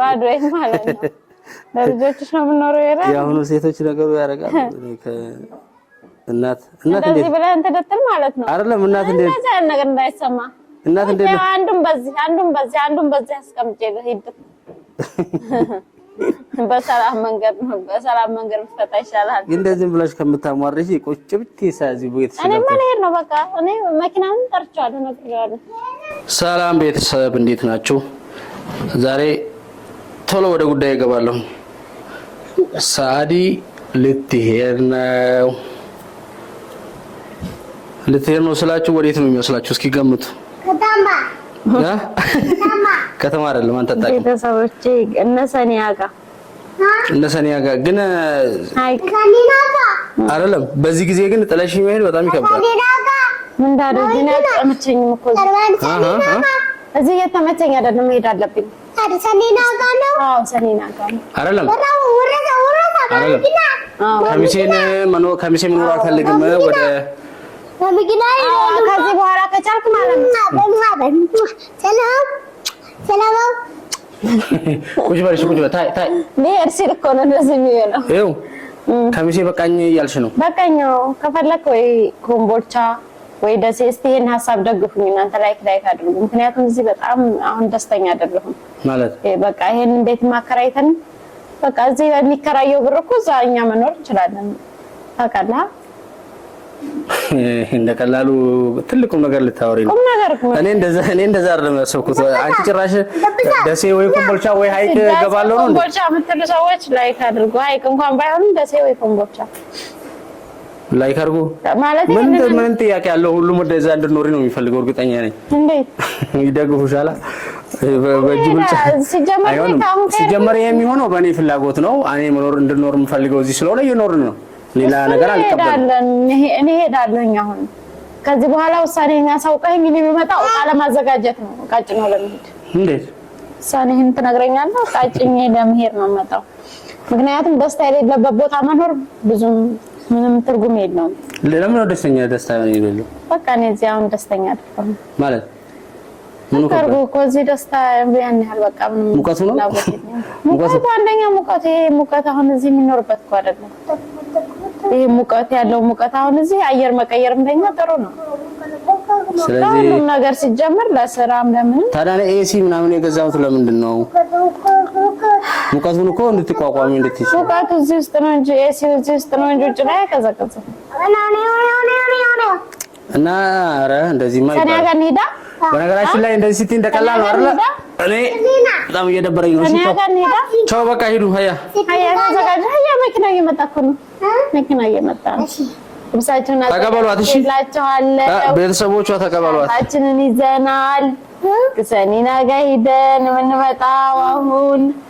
ባዶይ ማለት ነው። ለልጆችሽ ነው የምኖረው። ይራ የአሁኑ ሴቶች ነገሩ ያደርጋል። እናት እናት እንደዚህ ብለህ እንትን ማለት ነው አይደለም? እናት እንደ እንደዚህ አይነት ነገር እንዳይሰማ እናት እንደ አንዱን በዚህ አንዱን በዚህ አንዱን በዚህ አስቀምጬ ሂድ። በሰላም መንገድ ነው በሰላም መንገድ ፈታ ይሻላል። ግን እንደዚህ ብለሽ ከምታሟርሽ ቁጭ ብትይ ሳዚህ ቤት እኔ ልሄድ ነው በቃ። እኔ መኪናውን ጠርቼዋለሁ፣ ነግሬዋለሁ። ሰላም ቤተሰብ እንዴት ናችሁ? ዛሬ ቶሎ ወደ ጉዳይ እገባለሁ። ሳዲ ልትሄድ ነው። ልትሄድ ነው ስላችሁ ወዴት ነው የሚመስላችሁ? እስኪ ገምቱ። ከተማ አይደለም። አንተ ታውቂ ቤተሰቦቼ እነ ሰኒያ ጋር እነ ሰኒያ ጋር ግን አይደለም። በዚህ ጊዜ ግን ጥለሽኝ መሄድ በጣም ይከብዳል። ምን ዳደግና ጨምቼኝም እኮ እዚህ እየተመቸኝ አይደለም፣ መሄድ አለብኝ። ሰኔና ጋር ነው። ከሚሴን መኖር ከሚሴ መኖር አልፈልግም። ወደ ከዚህ በኋላ ከቻልክ ቁጭ በል ቁጭ በል ታይ ታይ። ሲል እኮ ነው እንደዚህ የሚሆነው። ከሚሴ በቃኝ እያልሽ ነው። በቃኝ። ከፈለክ ወይ ኮምቦልቻ ወይ ደሴ እስቲ ይሄን ሀሳብ ደግፉኝ እናንተ ላይክ ላይክ አድርጉ። ምክንያቱም እዚህ በጣም አሁን ደስተኛ አይደለሁም ማለት በቃ ይሄን ቤት ማከራይተን በቃ እዚህ በሚከራየው ብር እኮ እዛ እኛ መኖር እንችላለን። ታውቃለህ እንደቀላሉ ትልቁም ነገር ልታወሪ ነው። እኔ እንደዛ እኔ እንደዛ አይደለም ያሰብኩት። አንቺ ጭራሽ ደሴ ወይ ኮምቦልቻ ወይ ሀይቅ ገባለሁ ነው። ኮምቦልቻ የምትሉ ሰዎች ላይክ አድርጉ። ሀይቅ እንኳን ባይሆንም ደሴ ወይ ኮምቦልቻ ላይክ አድርጎ ማለት ምን ምን ጥያቄ ያለው ሁሉም ወደዛ እንድኖሪ ነው የሚፈልገው። እርግጠኛ ነኝ። እንዴት ይደግፉሻል? በእጅ ብልጫ ሲጀመር የሚሆነው በእኔ ፍላጎት ነው። እኔ መኖር እንድኖር የምፈልገው እዚህ ስለሆነ እየኖርን ነው። ሌላ ነገር አልቀበልም። እኔ ሄዳለሁኝ አሁን ከዚህ በኋላ ውሳኔህን አሳውቀኝ። እኔ የምመጣው ዕቃ ለማዘጋጀት ነው። ቃጭኝ ነው ለመሄድ። እንዴት ውሳኔህን ትነግረኛለህ? ቃጭኝ ለመሄድ ነው የምመጣው። ምክንያቱም ደስታ የሌለበት ቦታ መኖር ብዙም ምንም ትርጉም የለውም። ለምን ነው ደስተኛ ደስታ የሌለው? በቃ እኔ እዚህ አሁን ደስተኛ አይደለሁም ማለት አርጎ እኮ እዚህ ደስታ ያን ያህል በቃ ምንም ሙቀቱ ነው ሙቀቱ አንደኛ ሙቀት ይሄ ሙቀት አሁን እዚህ የሚኖርበት እኮ አይደለም። ይሄ ሙቀት ያለው ሙቀት አሁን እዚህ አየር መቀየር እንደኛ ጥሩ ነው። ስለዚህ ሁሉም ነገር ሲጀምር ለስራም ለምንም ታዲያ ኤሲ ምናምን የገዛሁት ለምንድን ነው? ሙቀቱን እኮ እንድትቋቋሚ እንድትይሽ ሙቀቱ እዚህ ውስጥ ነው እንጂ ኤሲ እዚህ ውስጥ ነው እንጂ ውጭ ላይ አይቀዘቅዝም። እና ኧረ እንደዚህማ በነገራችን ላይ እንደዚህ ስትይ እንደቀላል ነው አይደለ? እኔ በጣም እየደበረኝ ነው። ቻው በቃ ሂዱ። ሀያ ሀያ መኪና እየመጣ እኮ ነው። መኪና እየመጣ ልብሳችሁን ተቀበሏት። እሺ ቤተሰቦቿ ተቀበሏት። ልብሳችንን ይዘናል። ሰኒ ነገ ሂደን የምንመጣው አሁን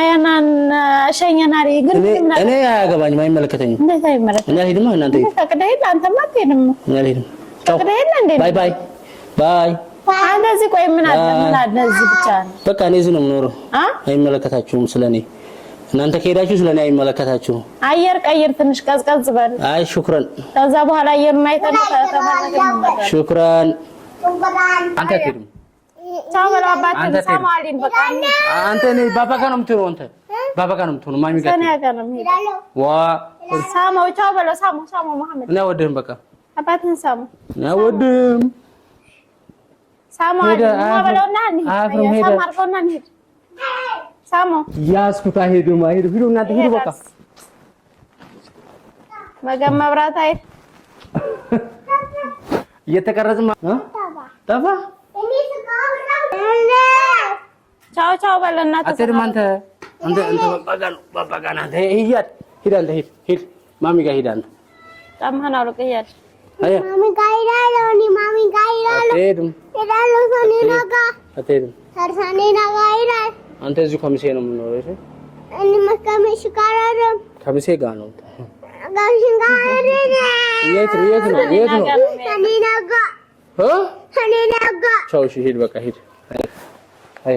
አያናን እሸኘናል። ግን እኔ አያገባኝም፣ አይመለከተኝም። እንዴት አይመለከተኝም? በቃ። እኔ እዚህ ነው የምኖረው። አይመለከታችሁም ስለኔ እናንተ ከሄዳችሁ ስለኔ አይመለከታችሁ። አየር ቀይር፣ ትንሽ ቀዝቀዝ በል። አይ ሹክራን። ከዛ በኋላ አየር ማይተን ተፈለገ። ሹክራን። አንተ አትሄድም አንተ እኔ ነው የምትሆነው። አንተ ባባ ነው የምትሆነው። ማሚ ጋር ዋ ሳመው፣ ቻው በለው። ሳመው፣ ሳመው። መሐመድ እኔ አልወድህም። በቃ አባትህን ሳመው። እኔ አልወድህም። ሳመው በለውና እንሂድ። ሳመው ያዝኩት። አይሄድም፣ አይሄድም። ሂዱ እናንተ ሂዱ። በቃ መገብ መብራት አይደል እየተቀረጽማ ጠፋ ቻው ቻው በል እናት። አትሄድም አንተ አንተ አንተ በበጋ ነው አንተ ሂድ ሂድ አንተ ሂድ ሂድ ማሚ ጋር ሂድ አንተ ጫማህን አውልቅ እያልሽ ማሚ ጋር ሂዳለሁ እኔ ማሚ ጋር ሂዳለሁ። አትሄድም ሂዳለሁ ሰኔ ነገ አትሄድም ሰኔ ነገ ሂዳለሁ። አንተ እዚሁ ከሚሴ ነው የምኖረው። እሺ እኔ ከሚሴ ጋር አይደለም ከሚሴ ጋር ነው ጋሽን ጋር አይደለም። የት ነው የት ነው ሰኔ ነገ እ ሰኔ ነገ ቻው። እሺ ሂድ በቃ ሂድ አይ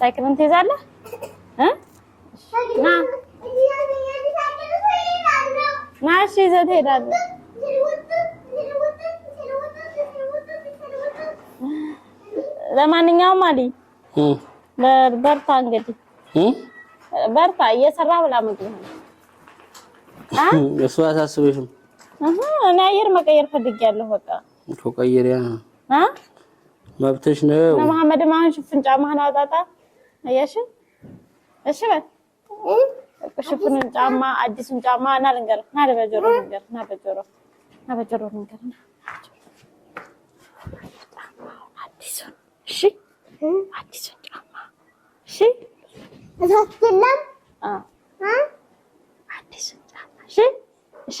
ሳይክልን ትይዛለህ እ ና ና እሺ ይዘህ ትሄዳለህ። ለማንኛውም አልይ በርታ እንግዲህ በርታ። እየሰራ ብላ ምግብ እሱ አያሳስብሽም። እኔ አየር መቀየር ፈልጌያለሁ። በቃ እኮ ቀይሪያ መብትሽ ነው። ለመሀመድም አሁን ሽፍንጫ ጫማህን አውጣጣ አያሽ እሺ በል ሽፍኑን ጫማ አዲሱን ጫማ ና ልንገርህ፣ ና በጆሮ ልንገርህ፣ ና በጆሮ ና በጆሮ ልንገርህ፣ ና አዲሱን እሺ፣ አዲሱን ጫማ እሺ፣ አዲሱን ጫማ እሺ፣ እሺ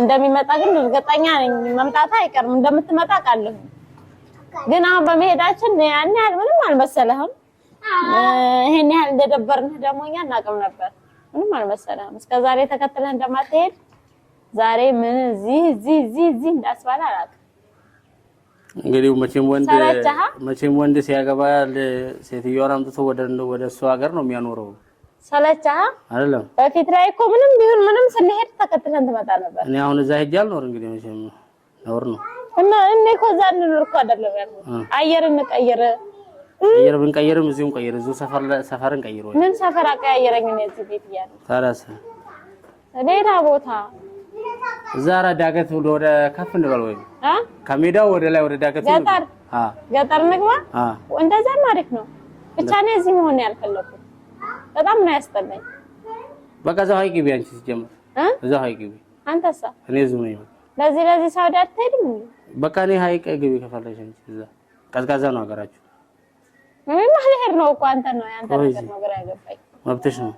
እንደሚመጣ ግን እርግጠኛ ነኝ። መምጣታ አይቀርም እንደምትመጣ አውቃለሁ። ግን አሁን በመሄዳችን ያን ያህል ምንም አልመሰለህም። ይሄን ያህል እንደደበርንህ ደግሞ እኛ እናቅም ነበር። ምንም አልመሰለህም። እስከ ዛሬ ተከትለህ እንደማትሄድ ዛሬ ምን እዚህ እዚህ እዚህ እዚህ እንዳስባለ አላውቅም። እንግዲህ መቼም ወንድ መቼም ወንድ ሲያገባ ሴትዮዋን አምጥቶ ወደ ወደ እሱ ሀገር ነው የሚያኖረው ሰለቻ አይደለም። በፊት ላይ እኮ ምንም ቢሆን ምንም ስንሄድ ተከትለን ትመጣ ነበር። እኔ አሁን እዛ ሄጄ አልኖር እንግዲህ መቼም ነውር ነው እና እኔ እኮ እዛ እንኖር እኮ አይደለም ያልኩት፣ አየር እንቀይር፣ አየር ብንቀይርም እዚሁ እንቀይር፣ እዚሁ ሰፈር ሰፈር እንቀይር። ወይ ምን ሰፈር አቀያየረኝ ነው እዚህ ቤት እያለ ታዲያስ ሌላ ቦታ እዛ ኧረ ዳገት ወደ ከፍ እንበል ወይ አ ከሜዳው ወደ ላይ ወደ ዳገት ገጠር አ ገጠር እንግባ አ እንደዛም አሪፍ ነው። ብቻ እኔ እዚህ መሆን ያልፈለኩት በጣም ነው ያስጠላኝ። በቃ እዛው ሀይ ግቢ አንቺ ሲጀምር እዛው ሀይ ግቢ አንተሳ እኔ ዝም ነኝ። ለዚህ ለዚህ ሳውዲ አትሄድም። በቃ እኔ ሀይቅ ግቢ ከፈለሽ አንቺ እዛ ቀዝቃዛ ነው ሀገራችሁ። ምን ልሄድ ነው እኮ አንተ ነው ያንተ ነገር ነው ግራ ያገባኝ። መብትሽ ነው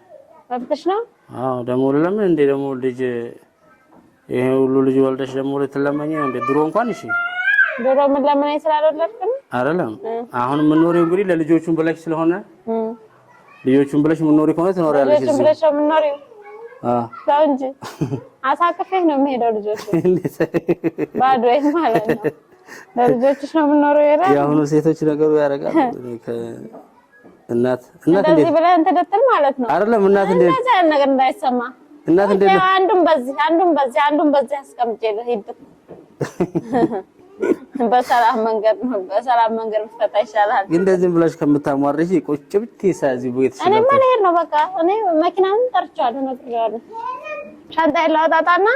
መብትሽ ነው። አዎ ደግሞ ለምን እንደ ደግሞ ልጅ ይሄ ሁሉ ልጅ ወልደሽ ደግሞ ልትለመኝ ነው እንደ ድሮ እንኳን እሺ ድሮ ምን ለምን አይስራ አይደለም። አሁን የምንኖረው እንግዲህ ለልጆቹን ብለሽ ስለሆነ ልጆቹን ብለሽ የምኖሪ ከሆነ ትኖሪያለሽ። ልጆቹን ብለሽ ነው የምኖሪው? አዎ እንጂ አሳቅፈሽ ነው የምሄደው። ልጆቹ ባዶ ማለት ነው። ለልጆችሽ ነው የምኖሪው? የአሁኑ ሴቶች ነገሩ ያደርጋል። እናት እናት እንደዚህ ብለህ እንትድትል ማለት ነው አይደለም? እናት እንደ እንደዚህ ነገር እንዳይሰማ እናት እንደ አንዱም በዚህ አንዱም በዚህ አንዱም በዚህ አስቀምጬ ልሂድ በሰላም መንገድ ነው፣ በሰላም መንገድ ብትፈታ ይሻላል። ግን እንደዚህ ብላሽ ከምታሟርሽ ቁጭ ብትይ ሳዚ ቤት እኔ ማ ልሄድ ነው በቃ። እኔ መኪናውን ጠርቻለሁ፣ ነግሬዋለሁ። ሻንጣዬን ላወጣጣና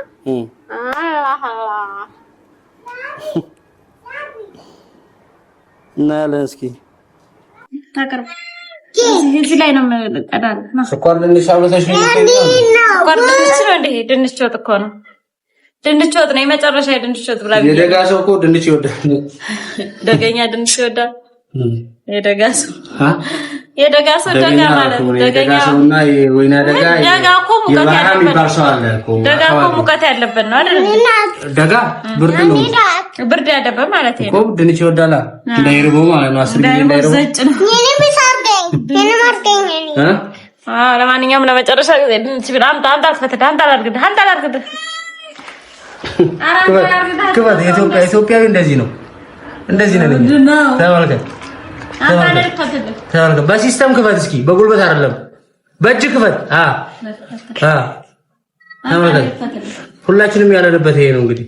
እናያለን። እስኪ ታቀርብ እዚህ ላይ ነው ስኳር ድንች አብረተሽ ስኳር ድንች ነው እንደ ድንች ወጥ እኮ ነው ድንች ወጥ ነው የመጨረሻ የድንች ወጥ ብላ የደጋ ሰው እኮ ድንች ይወዳል። ደገኛ ድንች ይወዳል። የደጋ ሰው የደጋ ሰው ደጋ ማለት ደገኛ ሰውና የወይና ደጋ ደጋ እኮ ሙቀት ያለበት ሰው ደጋ እኮ ሙቀት ያለበት ነው አይደል? ደጋ ብርድ ነው ብርድ ያለበት ማለት ነው እኮ ድንች ይወዳላ እንዳይርቦ ማለት ነው። አስር ጊዜ እንዳይርቦ ለማንኛውም ለመጨረሻ ጊዜ ድንች ብላ አምጣ አምጣ አትፈትድ አምጣ አላድግድህ አምጣ አላድግድህ ክፈት። ኢትዮጵያዊ እንደዚህ ነው፣ እንደዚህ ነው። ተመልከት፣ በሲስተም ክፈት እስኪ፣ በጉልበት አይደለም፣ በእጅ ክፈት። ተመልከት። ሁላችንም ያለንበት ይሄ ነው እንግዲህ።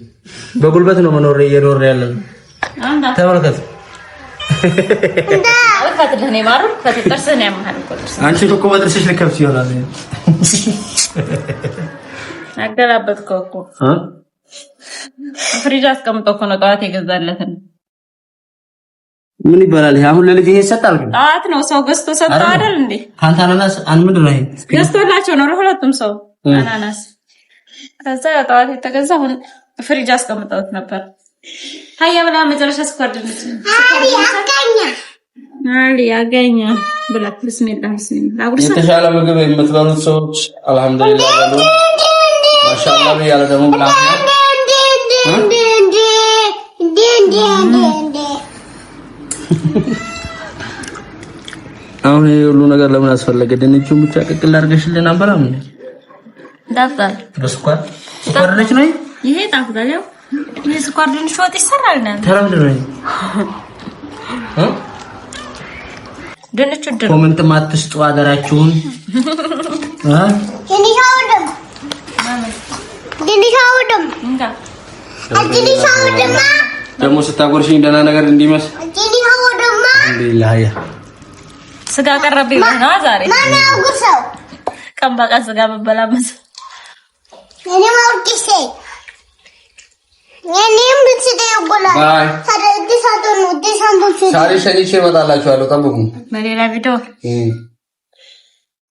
በጉልበት ነው መኖር እየኖር ያለን። ተመልከት። አንቺ እኮ በጥርስሽ ልከብስ ይሆናል። አገላበጥከው እኮ ፍሪጅ አስቀምጦ እኮ ነው ጠዋት የገዛለትን። ምን ይባላል ይሄ? አሁን ለልጅ ይሄ ይሰጣል? ጠዋት ነው ሰው ገዝቶ ሰጠው አይደል እንዴ? አንታናናስ አንድ ምንድን ነው ይሄ ገዝቶላቸው ነው ለሁለቱም ሰው አናናስ። ከዛ ጠዋት የተገዛ አሁን ፍሪጅ አስቀምጠውት ነበር። ሀያ ብላ መጨረሻ ስኳር ድንች አገኘ ብላ ብስሚላ ብስሚላ። የተሻለ ምግብ የምትበሉት ሰዎች አልሐምዱሊላህ በሉ ማሻአላህ ያለ ደግሞ ብላ አሁን ይሄ ሁሉ ነገር ለምን አስፈለገ? ድንቹን ብቻ ቅቅል አድርገሽልን አንበላ ምን ጣፍጣል። በስኳር ስኳር ነው ይሄ ጣፍጣል። ያው ይሄ ስኳር ድንች ወጥ ይሰራል ተራምድ ነው እ ድንቹ ኮመንት እ ድንቹ ደግሞ ስታጎርሽኝ ደህና ነገር እንዲመስል ስጋ ቀረብ ነው ዛሬ ቀን በቀን ስጋ መበላ መሰል ዛሬ እመጣላችኋለሁ። ጠብቁ በሌላ ቪዲዮ